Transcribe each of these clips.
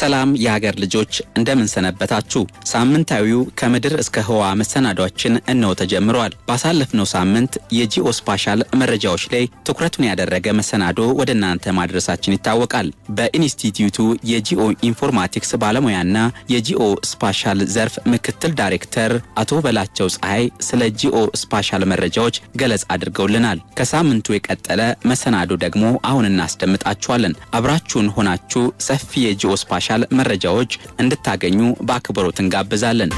ሰላም የሀገር ልጆች እንደምን ሰነበታችሁ። ሳምንታዊው ከምድር እስከ ህዋ መሰናዷችን እነሆ ተጀምሯል። ባሳለፍነው ሳምንት የጂኦ ስፓሻል መረጃዎች ላይ ትኩረቱን ያደረገ መሰናዶ ወደ እናንተ ማድረሳችን ይታወቃል። በኢንስቲትዩቱ የጂኦ ኢንፎርማቲክስ ባለሙያና የጂኦ ስፓሻል ዘርፍ ምክትል ዳይሬክተር አቶ በላቸው ፀሐይ ስለ ጂኦ ስፓሻል መረጃዎች ገለጻ አድርገውልናል። ከሳምንቱ የቀጠለ መሰናዶ ደግሞ አሁን እናስደምጣችኋለን። አብራችሁን ሆናችሁ ሰፊ የጂኦ ስፓሻል የተሻለ መረጃዎች እንድታገኙ በአክብሮት እንጋብዛለን።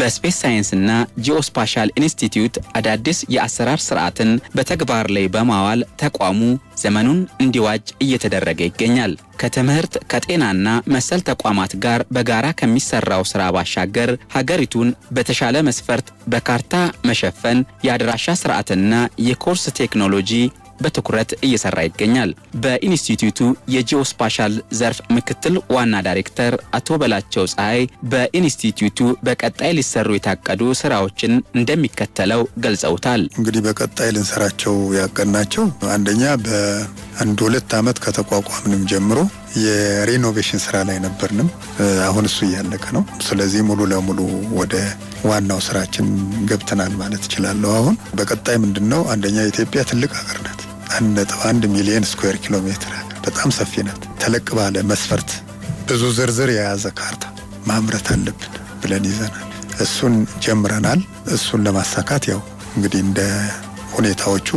በስፔስ ሳይንስና ጂኦስፓሻል ኢንስቲትዩት አዳዲስ የአሰራር ስርዓትን በተግባር ላይ በማዋል ተቋሙ ዘመኑን እንዲዋጅ እየተደረገ ይገኛል። ከትምህርት ከጤናና መሰል ተቋማት ጋር በጋራ ከሚሰራው ስራ ባሻገር ሀገሪቱን በተሻለ መስፈርት በካርታ መሸፈን፣ የአድራሻ ስርዓትና የኮርስ ቴክኖሎጂ በትኩረት እየሰራ ይገኛል። በኢንስቲትዩቱ የጂኦስፓሻል ዘርፍ ምክትል ዋና ዳይሬክተር አቶ በላቸው ፀሐይ በኢንስቲትዩቱ በቀጣይ ሊሰሩ የታቀዱ ስራዎችን እንደሚከተለው ገልጸውታል። እንግዲህ በቀጣይ ልንሰራቸው ያቀናቸው አንደኛ በአንድ ሁለት ዓመት ከተቋቋምንም ጀምሮ የሬኖቬሽን ስራ ላይ ነበርንም። አሁን እሱ እያለቀ ነው። ስለዚህ ሙሉ ለሙሉ ወደ ዋናው ስራችን ገብተናል ማለት እችላለሁ። አሁን በቀጣይ ምንድን ነው? አንደኛ ኢትዮጵያ ትልቅ ሀገር ናት። አንድ ሚሊዮን ስኩዌር ኪሎ ሜትር በጣም ሰፊ ናት። ተለቅ ባለ መስፈርት ብዙ ዝርዝር የያዘ ካርታ ማምረት አለብን ብለን ይዘናል። እሱን ጀምረናል። እሱን ለማሳካት ያው እንግዲህ እንደ ሁኔታዎቹ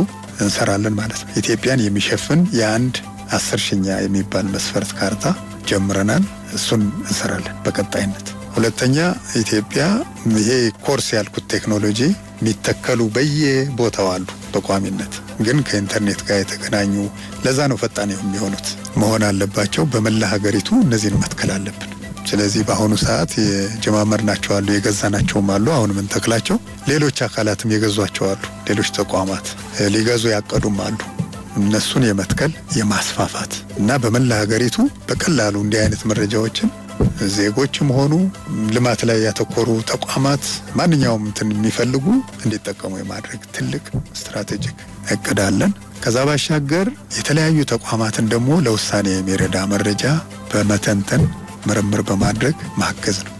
እንሰራለን ማለት ነው። ኢትዮጵያን የሚሸፍን የአንድ አስር ሽኛ የሚባል መስፈርት ካርታ ጀምረናል። እሱን እንሰራለን በቀጣይነት። ሁለተኛ ኢትዮጵያ ይሄ ኮርስ ያልኩት ቴክኖሎጂ የሚተከሉ በየቦታው አሉ በቋሚነት ግን ከኢንተርኔት ጋር የተገናኙ ለዛ ነው ፈጣን የሚሆኑት መሆን አለባቸው። በመላ ሀገሪቱ እነዚህን መትከል አለብን። ስለዚህ በአሁኑ ሰዓት የጀማመር ናቸው አሉ የገዛ ናቸውም አሉ አሁን ምንተክላቸው ሌሎች አካላትም የገዟቸው አሉ። ሌሎች ተቋማት ሊገዙ ያቀዱም አሉ። እነሱን የመትከል የማስፋፋት እና በመላ ሀገሪቱ በቀላሉ እንዲህ አይነት መረጃዎችን ዜጎችም ሆኑ ልማት ላይ ያተኮሩ ተቋማት ማንኛውም እንትን የሚፈልጉ እንዲጠቀሙ የማድረግ ትልቅ ስትራቴጂክ እቅድ አለን። ከዛ ባሻገር የተለያዩ ተቋማትን ደግሞ ለውሳኔ የሚረዳ መረጃ በመተንተን ምርምር በማድረግ ማገዝ ነው።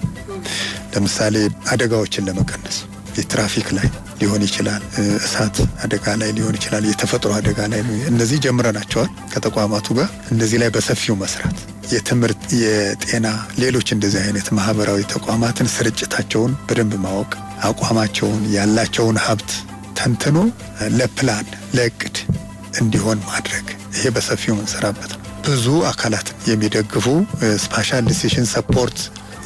ለምሳሌ አደጋዎችን ለመቀነስ የትራፊክ ላይ ሊሆን ይችላል፣ እሳት አደጋ ላይ ሊሆን ይችላል፣ የተፈጥሮ አደጋ ላይ እነዚህ ጀምረናቸዋል ከተቋማቱ ጋር እነዚህ ላይ በሰፊው መስራት የትምህርት፣ የጤና፣ ሌሎች እንደዚህ አይነት ማህበራዊ ተቋማትን ስርጭታቸውን በደንብ ማወቅ አቋማቸውን፣ ያላቸውን ሀብት ተንትኖ ለፕላን ለእቅድ እንዲሆን ማድረግ ይሄ በሰፊው እንሰራበት ነው። ብዙ አካላት የሚደግፉ ስፓሻል ዲሲሽን ሰፖርት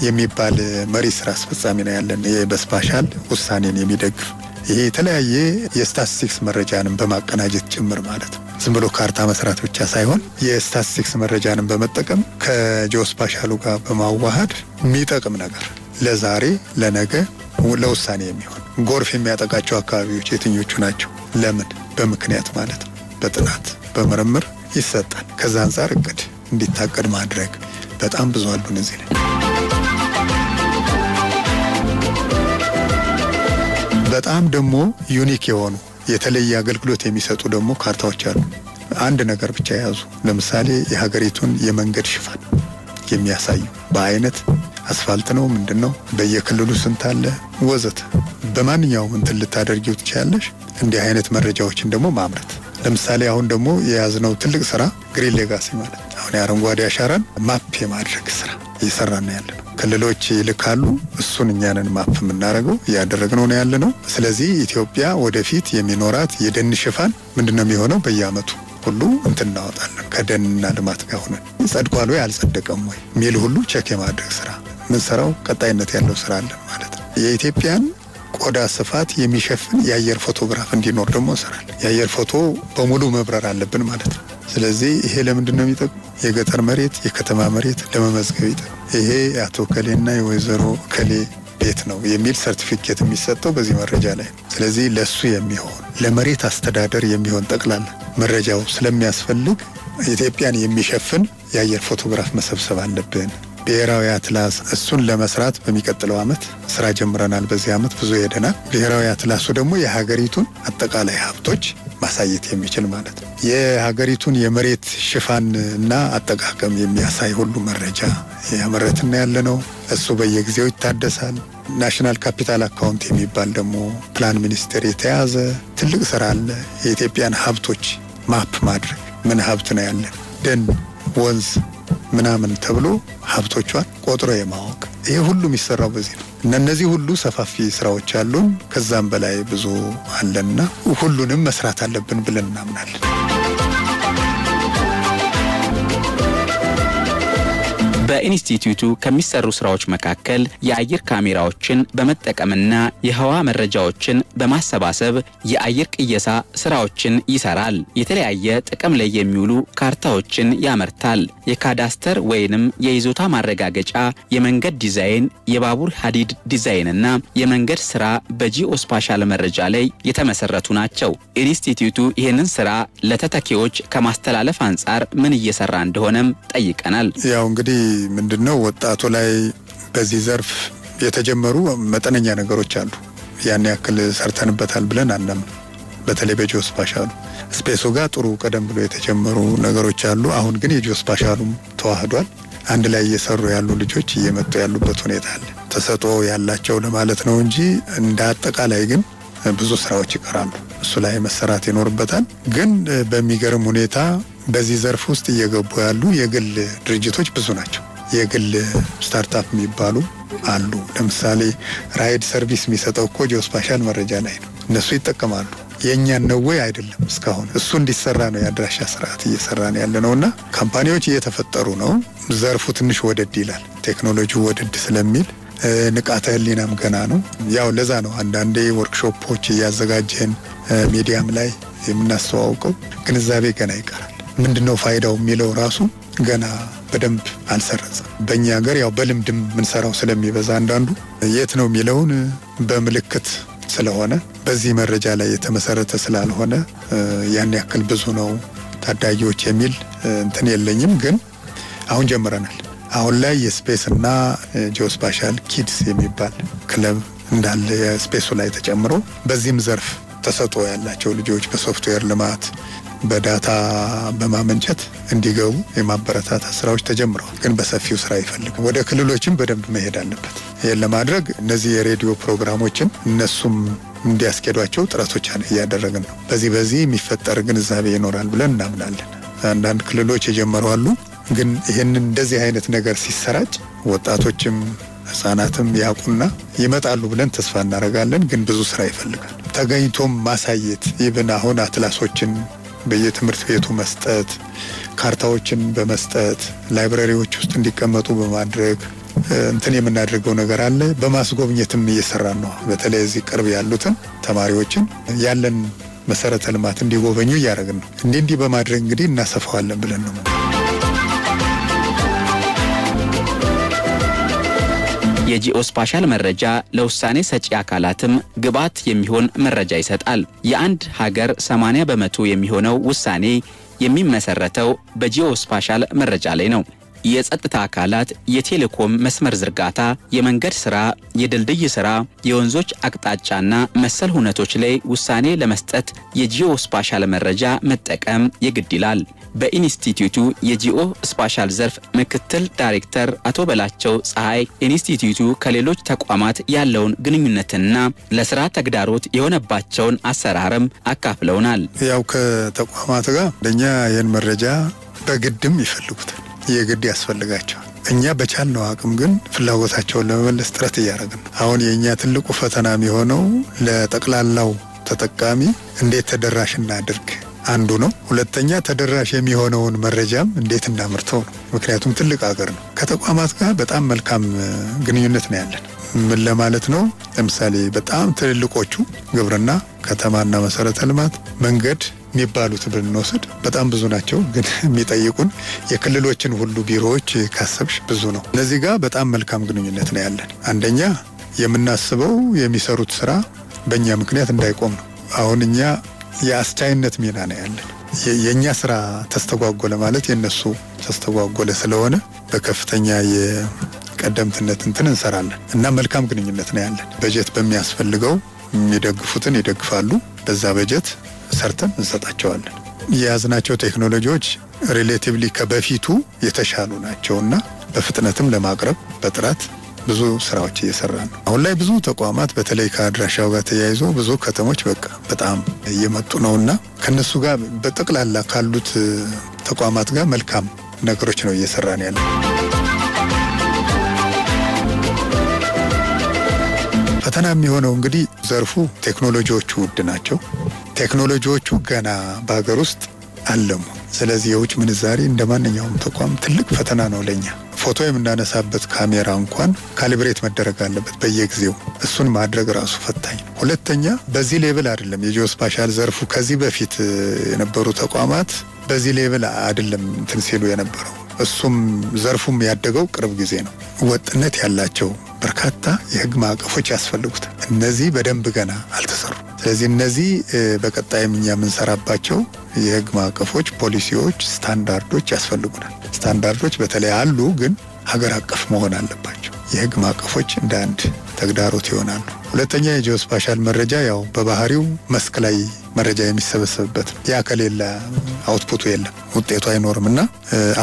የሚባል መሪ ስራ አስፈጻሚ ነው ያለን። ይሄ በስፓሻል ውሳኔን የሚደግፍ የተለያየ የስታትስቲክስ መረጃንም በማቀናጀት ጭምር ማለት ነው። ዝም ብሎ ካርታ መስራት ብቻ ሳይሆን የስታትስቲክስ መረጃንም በመጠቀም ከጂኦስፓሻሉ ጋር በማዋሃድ የሚጠቅም ነገር ለዛሬ ለነገ ለውሳኔ የሚሆን ጎርፍ የሚያጠቃቸው አካባቢዎች የትኞቹ ናቸው? ለምን? በምክንያት ማለት ነው። በጥናት በምርምር ይሰጣል። ከዛ አንጻር እቅድ እንዲታቀድ ማድረግ በጣም ብዙ አሉን እዚህ ላይ በጣም ደግሞ ዩኒክ የሆኑ የተለየ አገልግሎት የሚሰጡ ደግሞ ካርታዎች አሉ። አንድ ነገር ብቻ የያዙ ለምሳሌ የሀገሪቱን የመንገድ ሽፋን የሚያሳዩ በአይነት አስፋልት ነው ምንድን ነው በየክልሉ ስንት አለ ወዘተ። በማንኛውም እንትን ልታደርጊው ትችላለሽ። እንዲህ አይነት መረጃዎችን ደግሞ ማምረት ለምሳሌ አሁን ደግሞ የያዝነው ትልቅ ስራ ግሪን ሌጋሲ ማለት አሁን የአረንጓዴ አሻራን ማፕ የማድረግ ስራ እየሰራ ያለ ነው። ክልሎች ይልካሉ። እሱን እኛንን ማፕ የምናደርገው እያደረግነው ነው ያለ ነው። ስለዚህ ኢትዮጵያ ወደፊት የሚኖራት የደን ሽፋን ምንድነው የሚሆነው? በየአመቱ ሁሉ እንትን እናወጣለን ከደንና ልማት ጋር ሆነን ጸድቋል ወይ አልጸደቀም ወይ ሚል ሁሉ ቼክ የማድረግ ስራ ምንሰራው ቀጣይነት ያለው ስራ አለን ማለት ነው። የኢትዮጵያን ቆዳ ስፋት የሚሸፍን የአየር ፎቶግራፍ እንዲኖር ደግሞ እንሰራለን። የአየር ፎቶ በሙሉ መብረር አለብን ማለት ነው። ስለዚህ ይሄ ለምንድን ነው የሚጠቅሙ? የገጠር መሬት፣ የከተማ መሬት ለመመዝገብ ይጠቅም። ይሄ የአቶ ከሌና የወይዘሮ ከሌ ቤት ነው የሚል ሰርቲፊኬት የሚሰጠው በዚህ መረጃ ላይ ነው። ስለዚህ ለሱ የሚሆን ለመሬት አስተዳደር የሚሆን ጠቅላላ መረጃው ስለሚያስፈልግ ኢትዮጵያን የሚሸፍን የአየር ፎቶግራፍ መሰብሰብ አለብን። ብሔራዊ አትላስ እሱን ለመስራት በሚቀጥለው ዓመት ስራ ጀምረናል። በዚህ ዓመት ብዙ ሄደናል። ብሔራዊ አትላሱ ደግሞ የሀገሪቱን አጠቃላይ ሀብቶች ማሳየት የሚችል ማለት ነው። የሀገሪቱን የመሬት ሽፋን እና አጠቃቀም የሚያሳይ ሁሉ መረጃ ያመረትና ያለ ነው። እሱ በየጊዜው ይታደሳል። ናሽናል ካፒታል አካውንት የሚባል ደግሞ ፕላን ሚኒስቴር የተያዘ ትልቅ ስራ አለ። የኢትዮጵያን ሀብቶች ማፕ ማድረግ ምን ሀብት ነው ያለን ደን፣ ወንዝ ምናምን ተብሎ ሀብቶቿን ቆጥሮ የማወቅ ይሄ ሁሉ የሚሰራው በዚህ ነው። እና እነዚህ ሁሉ ሰፋፊ ስራዎች አሉን። ከዛም በላይ ብዙ አለንና ሁሉንም መስራት አለብን ብለን እናምናለን። በኢንስቲትዩቱ ከሚሰሩ ስራዎች መካከል የአየር ካሜራዎችን በመጠቀምና የህዋ መረጃዎችን በማሰባሰብ የአየር ቅየሳ ስራዎችን ይሰራል። የተለያየ ጥቅም ላይ የሚውሉ ካርታዎችን ያመርታል። የካዳስተር ወይንም የይዞታ ማረጋገጫ፣ የመንገድ ዲዛይን፣ የባቡር ሀዲድ ዲዛይንና የመንገድ ስራ በጂኦስፓሻል መረጃ ላይ የተመሰረቱ ናቸው። ኢንስቲትዩቱ ይህንን ስራ ለተተኪዎች ከማስተላለፍ አንጻር ምን እየሰራ እንደሆነም ጠይቀናል። ያው እንግዲህ ምንድን ነው ወጣቱ ላይ በዚህ ዘርፍ የተጀመሩ መጠነኛ ነገሮች አሉ። ያን ያክል ሰርተንበታል ብለን አናምን። በተለይ በጂኦስፓሻሉ ስፔሱ ጋር ጥሩ ቀደም ብሎ የተጀመሩ ነገሮች አሉ። አሁን ግን የጂኦስፓሻሉም ተዋህዷል። አንድ ላይ እየሰሩ ያሉ ልጆች እየመጡ ያሉበት ሁኔታ አለ። ተሰጦ ያላቸው ለማለት ነው እንጂ እንደ አጠቃላይ ግን ብዙ ስራዎች ይቀራሉ። እሱ ላይ መሰራት ይኖርበታል። ግን በሚገርም ሁኔታ በዚህ ዘርፍ ውስጥ እየገቡ ያሉ የግል ድርጅቶች ብዙ ናቸው። የግል ስታርታፕ የሚባሉ አሉ። ለምሳሌ ራይድ ሰርቪስ የሚሰጠው እኮ ጂኦስፓሻል መረጃ ላይ ነው። እነሱ ይጠቀማሉ። የእኛን ነው ወይ? አይደለም። እስካሁን እሱ እንዲሰራ ነው የአድራሻ ስርዓት እየሰራ ነው ያለ ነው እና ካምፓኒዎች እየተፈጠሩ ነው። ዘርፉ ትንሽ ወደድ ይላል። ቴክኖሎጂው ወደድ ስለሚል ንቃተ ህሊናም ገና ነው። ያው ለዛ ነው አንዳንዴ ወርክሾፖች እያዘጋጀን ሚዲያም ላይ የምናስተዋውቀው። ግንዛቤ ገና ይቀራል። ምንድነው ፋይዳው የሚለው ራሱ ገና በደንብ አልሰረጸም። በእኛ ሀገር ያው በልምድም የምንሰራው ስለሚበዛ አንዳንዱ የት ነው የሚለውን በምልክት ስለሆነ በዚህ መረጃ ላይ የተመሰረተ ስላልሆነ ያን ያክል ብዙ ነው ታዳጊዎች የሚል እንትን የለኝም። ግን አሁን ጀምረናል። አሁን ላይ የስፔስ እና ጂኦስፓሻል ኪድስ የሚባል ክለብ እንዳለ የስፔሱ ላይ ተጨምሮ በዚህም ዘርፍ ተሰጥኦ ያላቸው ልጆች በሶፍትዌር ልማት በዳታ በማመንጨት እንዲገቡ የማበረታታ ስራዎች ተጀምረዋል። ግን በሰፊው ስራ ይፈልግ ወደ ክልሎችም በደንብ መሄድ አለበት። ይህን ለማድረግ እነዚህ የሬዲዮ ፕሮግራሞችን እነሱም እንዲያስኬዷቸው ጥረቶች እያደረግን ነው። በዚህ በዚህ የሚፈጠር ግንዛቤ ይኖራል ብለን እናምናለን። አንዳንድ ክልሎች የጀመሩ አሉ። ግን ይህንን እንደዚህ አይነት ነገር ሲሰራጭ ወጣቶችም ህጻናትም ያውቁና ይመጣሉ ብለን ተስፋ እናደርጋለን። ግን ብዙ ስራ ይፈልጋል። ተገኝቶም ማሳየት ይብን አሁን አትላሶችን በየትምህርት ቤቱ መስጠት፣ ካርታዎችን በመስጠት ላይብረሪዎች ውስጥ እንዲቀመጡ በማድረግ እንትን የምናደርገው ነገር አለ። በማስጎብኘትም እየሰራን ነው። በተለይ እዚህ ቅርብ ያሉትን ተማሪዎችን ያለን መሰረተ ልማት እንዲጎበኙ እያደረግን ነው። እንዲህ እንዲህ በማድረግ እንግዲህ እናሰፋዋለን ብለን ነው የጂኦስፓሻል መረጃ ለውሳኔ ሰጪ አካላትም ግብዓት የሚሆን መረጃ ይሰጣል። የአንድ ሀገር 80 በመቶ የሚሆነው ውሳኔ የሚመሰረተው በጂኦስፓሻል መረጃ ላይ ነው። የጸጥታ አካላት የቴሌኮም መስመር ዝርጋታ፣ የመንገድ ስራ፣ የድልድይ ስራ፣ የወንዞች አቅጣጫና መሰል ሁነቶች ላይ ውሳኔ ለመስጠት የጂኦ ስፓሻል መረጃ መጠቀም የግድ ይላል። በኢንስቲትዩቱ የጂኦ ስፓሻል ዘርፍ ምክትል ዳይሬክተር አቶ በላቸው ፀሐይ ኢንስቲትዩቱ ከሌሎች ተቋማት ያለውን ግንኙነትና ለስራ ተግዳሮት የሆነባቸውን አሰራርም አካፍለውናል። ያው ከተቋማት ጋር ለእኛ ይህን መረጃ በግድም ይፈልጉታል የግድ ያስፈልጋቸዋል። እኛ በቻልነው አቅም ግን ፍላጎታቸውን ለመመለስ ጥረት እያደረግን ነው። አሁን የእኛ ትልቁ ፈተና የሚሆነው ለጠቅላላው ተጠቃሚ እንዴት ተደራሽ እናድርግ አንዱ ነው። ሁለተኛ ተደራሽ የሚሆነውን መረጃም እንዴት እናምርተው ነው። ምክንያቱም ትልቅ ሀገር ነው። ከተቋማት ጋር በጣም መልካም ግንኙነት ነው ያለን። ምን ለማለት ነው? ለምሳሌ በጣም ትልልቆቹ ግብርና፣ ከተማና መሰረተ ልማት፣ መንገድ የሚባሉት ብንወስድ በጣም ብዙ ናቸው። ግን የሚጠይቁን የክልሎችን ሁሉ ቢሮዎች ካሰብሽ ብዙ ነው። እነዚህ ጋር በጣም መልካም ግንኙነት ነው ያለን። አንደኛ የምናስበው የሚሰሩት ስራ በእኛ ምክንያት እንዳይቆም ነው። አሁን እኛ የአስቻይነት ሚና ነው ያለን። የእኛ ስራ ተስተጓጎለ ማለት የእነሱ ተስተጓጎለ ስለሆነ በከፍተኛ የቀደምትነት እንትን እንሰራለን እና መልካም ግንኙነት ነው ያለን። በጀት በሚያስፈልገው የሚደግፉትን ይደግፋሉ። በዛ በጀት ሰርተን እንሰጣቸዋለን። የያዝናቸው ቴክኖሎጂዎች ሪሌቲቭሊ ከበፊቱ የተሻሉ ናቸውና በፍጥነትም ለማቅረብ በጥራት ብዙ ስራዎች እየሰራ ነው። አሁን ላይ ብዙ ተቋማት በተለይ ከአድራሻው ጋር ተያይዞ ብዙ ከተሞች በቃ በጣም እየመጡ ነው እና ከእነሱ ጋር በጠቅላላ ካሉት ተቋማት ጋር መልካም ነገሮች ነው እየሰራን ያለ ፈተና የሚሆነው እንግዲህ ዘርፉ ቴክኖሎጂዎቹ ውድ ናቸው። ቴክኖሎጂዎቹ ገና በሀገር ውስጥ አለሙ። ስለዚህ የውጭ ምንዛሬ እንደ ማንኛውም ተቋም ትልቅ ፈተና ነው ለኛ። ፎቶ የምናነሳበት ካሜራ እንኳን ካሊብሬት መደረግ አለበት በየጊዜው። እሱን ማድረግ ራሱ ፈታኝ። ሁለተኛ በዚህ ሌብል አይደለም የጂኦስፓሻል ዘርፉ ከዚህ በፊት የነበሩ ተቋማት በዚህ ሌብል አይደለም እንትን ሲሉ የነበረው። እሱም ዘርፉም ያደገው ቅርብ ጊዜ ነው። ወጥነት ያላቸው በርካታ የህግ ማዕቀፎች ያስፈልጉት እነዚህ በደንብ ገና አልተሰሩ ስለዚህ እነዚህ በቀጣይም እኛ የምንሰራባቸው የህግ ማዕቀፎች፣ ፖሊሲዎች፣ ስታንዳርዶች ያስፈልጉናል። ስታንዳርዶች በተለይ አሉ፣ ግን ሀገር አቀፍ መሆን አለባቸው። የህግ ማዕቀፎች እንደ አንድ ተግዳሮት ይሆናሉ። ሁለተኛ የጂኦስፓሻል መረጃ ያው በባህሪው መስክ ላይ መረጃ የሚሰበሰብበት ነው። ያ ከሌለ አውትፑቱ የለም፣ ውጤቱ አይኖርም እና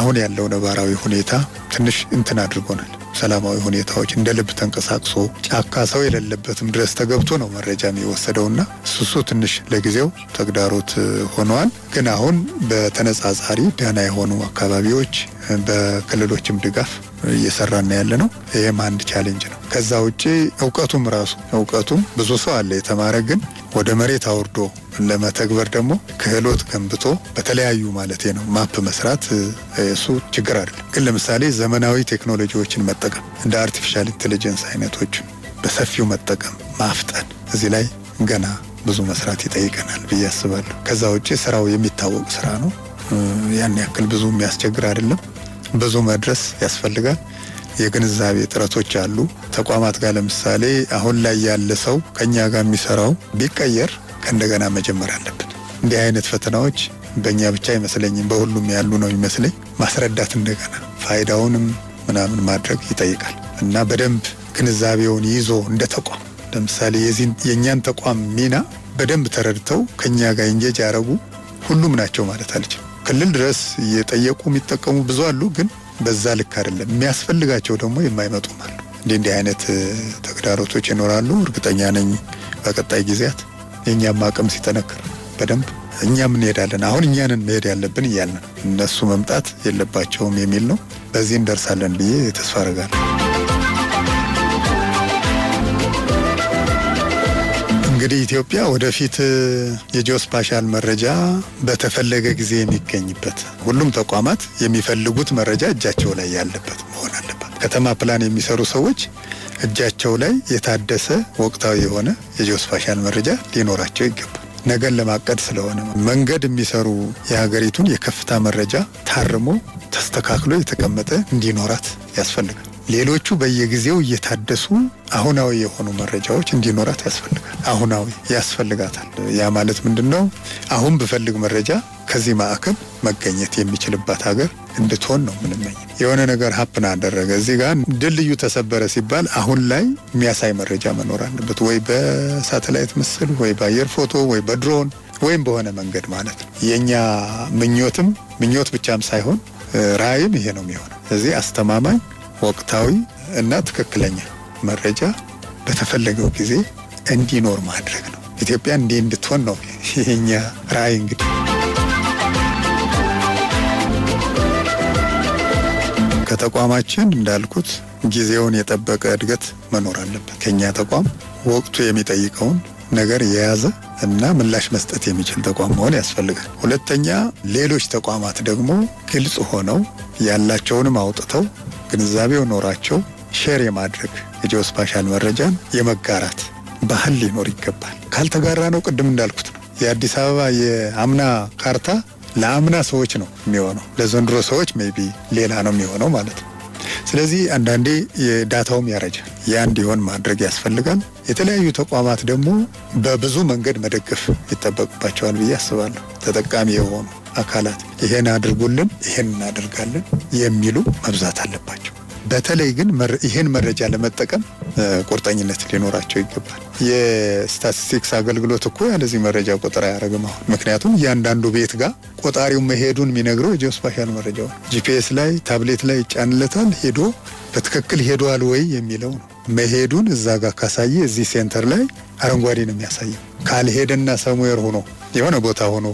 አሁን ያለው ነባራዊ ሁኔታ ትንሽ እንትን አድርጎናል። ሰላማዊ ሁኔታዎች እንደ ልብ ተንቀሳቅሶ ጫካ ሰው የሌለበትም ድረስ ተገብቶ ነው መረጃ ና እሱሱ ትንሽ ለጊዜው ተግዳሮት ሆነዋል። ግን አሁን በተነጻጻሪ ደህና የሆኑ አካባቢዎች በክልሎችም ድጋፍ እየሰራና ያለ ነው። ይህም አንድ ቻሌንጅ ነው። ከዛ ውጭ እውቀቱም ራሱ እውቀቱም ብዙ ሰው አለ የተማረ ግን ወደ መሬት አውርዶ ለመተግበር ደግሞ ክህሎት ገንብቶ በተለያዩ ማለት ነው ማፕ መስራት እሱ ችግር አይደለም። ግን ለምሳሌ ዘመናዊ ቴክኖሎጂዎችን መጠቀም እንደ አርቲፊሻል ኢንቴሊጀንስ አይነቶችን በሰፊው መጠቀም ማፍጠን፣ እዚህ ላይ ገና ብዙ መስራት ይጠይቀናል ብዬ አስባለሁ። ከዛ ውጭ ስራው የሚታወቅ ስራ ነው። ያን ያክል ብዙ የሚያስቸግር አይደለም። ብዙ መድረስ ያስፈልጋል። የግንዛቤ ጥረቶች አሉ። ተቋማት ጋር ለምሳሌ አሁን ላይ ያለ ሰው ከኛ ጋር የሚሰራው ቢቀየር ከእንደገና መጀመር አለብን። እንዲህ አይነት ፈተናዎች በእኛ ብቻ አይመስለኝም፣ በሁሉም ያሉ ነው የሚመስለኝ። ማስረዳት እንደገና ፋይዳውንም ምናምን ማድረግ ይጠይቃል እና በደንብ ግንዛቤውን ይዞ እንደ ተቋም ለምሳሌ የዚህን የእኛን ተቋም ሚና በደንብ ተረድተው ከእኛ ጋር እንጌጅ ያደረጉ ሁሉም ናቸው ማለት አልችም። ክልል ድረስ እየጠየቁ የሚጠቀሙ ብዙ አሉ ግን በዛ ልክ አይደለም። የሚያስፈልጋቸው ደግሞ የማይመጡም አሉ። እንዲህ እንዲህ አይነት ተግዳሮቶች ይኖራሉ። እርግጠኛ ነኝ በቀጣይ ጊዜያት የእኛም አቅም ሲጠነክር በደንብ እኛም እንሄዳለን። አሁን እኛንን መሄድ ያለብን እያልን እነሱ መምጣት የለባቸውም የሚል ነው። በዚህ እንደርሳለን ብዬ ተስፋ አደርጋለሁ። እንግዲህ ኢትዮጵያ ወደፊት የጂኦስፓሻል መረጃ በተፈለገ ጊዜ የሚገኝበት ሁሉም ተቋማት የሚፈልጉት መረጃ እጃቸው ላይ ያለበት መሆን አለበት። ከተማ ፕላን የሚሰሩ ሰዎች እጃቸው ላይ የታደሰ ወቅታዊ የሆነ የጂኦስፓሻል መረጃ ሊኖራቸው ይገባል። ነገን ለማቀድ ስለሆነ መንገድ የሚሰሩ የሀገሪቱን የከፍታ መረጃ ታርሞ ተስተካክሎ የተቀመጠ እንዲኖራት ያስፈልጋል። ሌሎቹ በየጊዜው እየታደሱ አሁናዊ የሆኑ መረጃዎች እንዲኖራት ያስፈልጋል። አሁናዊ ያስፈልጋታል። ያ ማለት ምንድን ነው? አሁን ብፈልግ መረጃ ከዚህ ማዕከል መገኘት የሚችልባት ሀገር እንድትሆን ነው ምንመኝ። የሆነ ነገር ሀፕን አደረገ እዚህ ጋር ድልድዩ ተሰበረ ሲባል አሁን ላይ የሚያሳይ መረጃ መኖር አለበት፣ ወይ በሳተላይት ምስል፣ ወይ በአየር ፎቶ፣ ወይ በድሮን ወይም በሆነ መንገድ ማለት ነው። የእኛ ምኞትም ምኞት ብቻም ሳይሆን ራእይም ይሄ ነው የሚሆነው። እዚህ አስተማማኝ ወቅታዊ እና ትክክለኛ መረጃ በተፈለገው ጊዜ እንዲኖር ማድረግ ነው። ኢትዮጵያ እንዲህ እንድትሆን ነው የኛ ራዕይ። እንግዲህ ከተቋማችን እንዳልኩት ጊዜውን የጠበቀ እድገት መኖር አለበት። ከኛ ተቋም ወቅቱ የሚጠይቀውን ነገር የያዘ እና ምላሽ መስጠት የሚችል ተቋም መሆን ያስፈልጋል። ሁለተኛ ሌሎች ተቋማት ደግሞ ግልጽ ሆነው ያላቸውንም አውጥተው ግንዛቤው ኖራቸው ሼር የማድረግ የጂኦስፓሻል መረጃን የመጋራት ባህል ሊኖር ይገባል። ካልተጋራ ነው ቅድም እንዳልኩት ነው የአዲስ አበባ የአምና ካርታ ለአምና ሰዎች ነው የሚሆነው፣ ለዘንድሮ ሰዎች ሜቢ ቢ ሌላ ነው የሚሆነው ማለት ነው። ስለዚህ አንዳንዴ የዳታውም ያረጃል። ያ እንዲሆን ማድረግ ያስፈልጋል። የተለያዩ ተቋማት ደግሞ በብዙ መንገድ መደገፍ ይጠበቅባቸዋል ብዬ አስባለሁ ተጠቃሚ የሆኑ አካላት ይሄን አድርጉልን፣ ይሄን እናደርጋለን የሚሉ መብዛት አለባቸው። በተለይ ግን ይሄን መረጃ ለመጠቀም ቁርጠኝነት ሊኖራቸው ይገባል። የስታቲስቲክስ አገልግሎት እኮ ያለዚህ መረጃ ቁጥር አያደርግም። አሁን ምክንያቱም እያንዳንዱ ቤት ጋር ቆጣሪው መሄዱን የሚነግረው የጂኦስፓሻል መረጃውን ጂፒኤስ ላይ ታብሌት ላይ ይጫንለታል። ሄዶ በትክክል ሄዷል ወይ የሚለው ነው። መሄዱን እዛ ጋር ካሳየ እዚህ ሴንተር ላይ አረንጓዴ ነው የሚያሳየው። ካልሄደና ሰሙዌር ሆኖ የሆነ ቦታ ሆኖ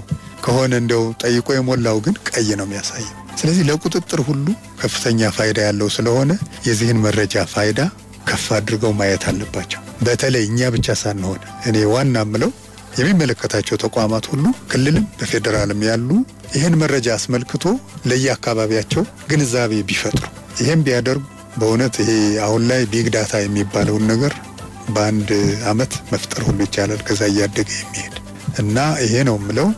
ከሆነ እንደው ጠይቆ የሞላው ግን ቀይ ነው የሚያሳየው። ስለዚህ ለቁጥጥር ሁሉ ከፍተኛ ፋይዳ ያለው ስለሆነ የዚህን መረጃ ፋይዳ ከፍ አድርገው ማየት አለባቸው። በተለይ እኛ ብቻ ሳንሆን እኔ ዋና ምለው የሚመለከታቸው ተቋማት ሁሉ ክልልም በፌዴራልም ያሉ ይህን መረጃ አስመልክቶ ለየአካባቢያቸው ግንዛቤ ቢፈጥሩ፣ ይህም ቢያደርጉ በእውነት ይሄ አሁን ላይ ቢግ ዳታ የሚባለውን ነገር በአንድ ዓመት መፍጠር ሁሉ ይቻላል። ከዛ እያደገ የሚሄድ እና ይሄ ነው የምለው።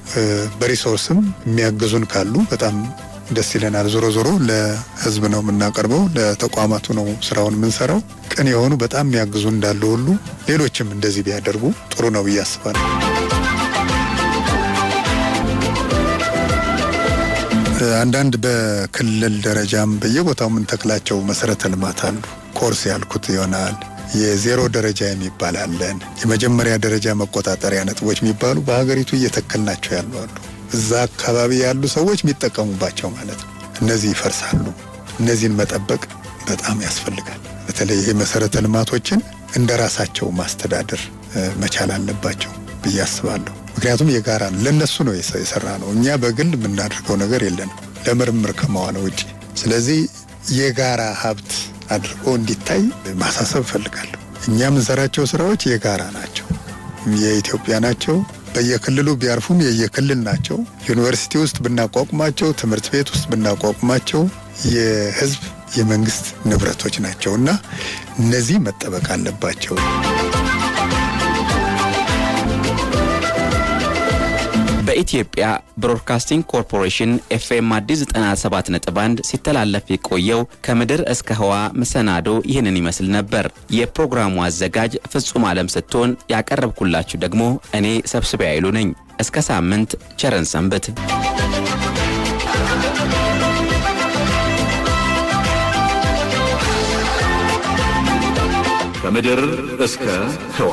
በሪሶርስም የሚያግዙን ካሉ በጣም ደስ ይለናል። ዞሮ ዞሮ ለህዝብ ነው የምናቀርበው፣ ለተቋማቱ ነው ስራውን የምንሰራው። ቅን የሆኑ በጣም የሚያግዙ እንዳሉ ሁሉ ሌሎችም እንደዚህ ቢያደርጉ ጥሩ ነው ብዬ አስባለሁ። አንዳንድ በክልል ደረጃም በየቦታው የምንተክላቸው መሰረተ ልማት አሉ። ኮርስ ያልኩት ይሆናል የዜሮ ደረጃ የሚባል አለን። የመጀመሪያ ደረጃ መቆጣጠሪያ ነጥቦች የሚባሉ በሀገሪቱ እየተከልናቸው ያሉ አሉ። እዛ አካባቢ ያሉ ሰዎች የሚጠቀሙባቸው ማለት ነው። እነዚህ ይፈርሳሉ። እነዚህን መጠበቅ በጣም ያስፈልጋል። በተለይ ይሄ መሰረተ ልማቶችን እንደ ራሳቸው ማስተዳደር መቻል አለባቸው ብዬ አስባለሁ። ምክንያቱም የጋራ ነው፣ ለእነሱ ነው የሰራ ነው። እኛ በግል የምናደርገው ነገር የለንም ለምርምር ከመዋለ ውጭ። ስለዚህ የጋራ ሀብት አድርጎ እንዲታይ ማሳሰብ እፈልጋለሁ። እኛ የምንሰራቸው ስራዎች የጋራ ናቸው፣ የኢትዮጵያ ናቸው። በየክልሉ ቢያርፉም የየክልል ናቸው። ዩኒቨርሲቲ ውስጥ ብናቋቁማቸው፣ ትምህርት ቤት ውስጥ ብናቋቁማቸው የህዝብ የመንግስት ንብረቶች ናቸው እና እነዚህ መጠበቅ አለባቸው። በኢትዮጵያ ብሮድካስቲንግ ኮርፖሬሽን ኤፍኤም አዲስ 97 ነጥብ 1 ሲተላለፍ የቆየው ከምድር እስከ ህዋ መሰናዶ ይህንን ይመስል ነበር። የፕሮግራሙ አዘጋጅ ፍጹም ዓለም ስትሆን ያቀረብኩላችሁ ደግሞ እኔ ሰብስቤ አይሉ ነኝ። እስከ ሳምንት ቸረን ሰንብት። ከምድር እስከ ህዋ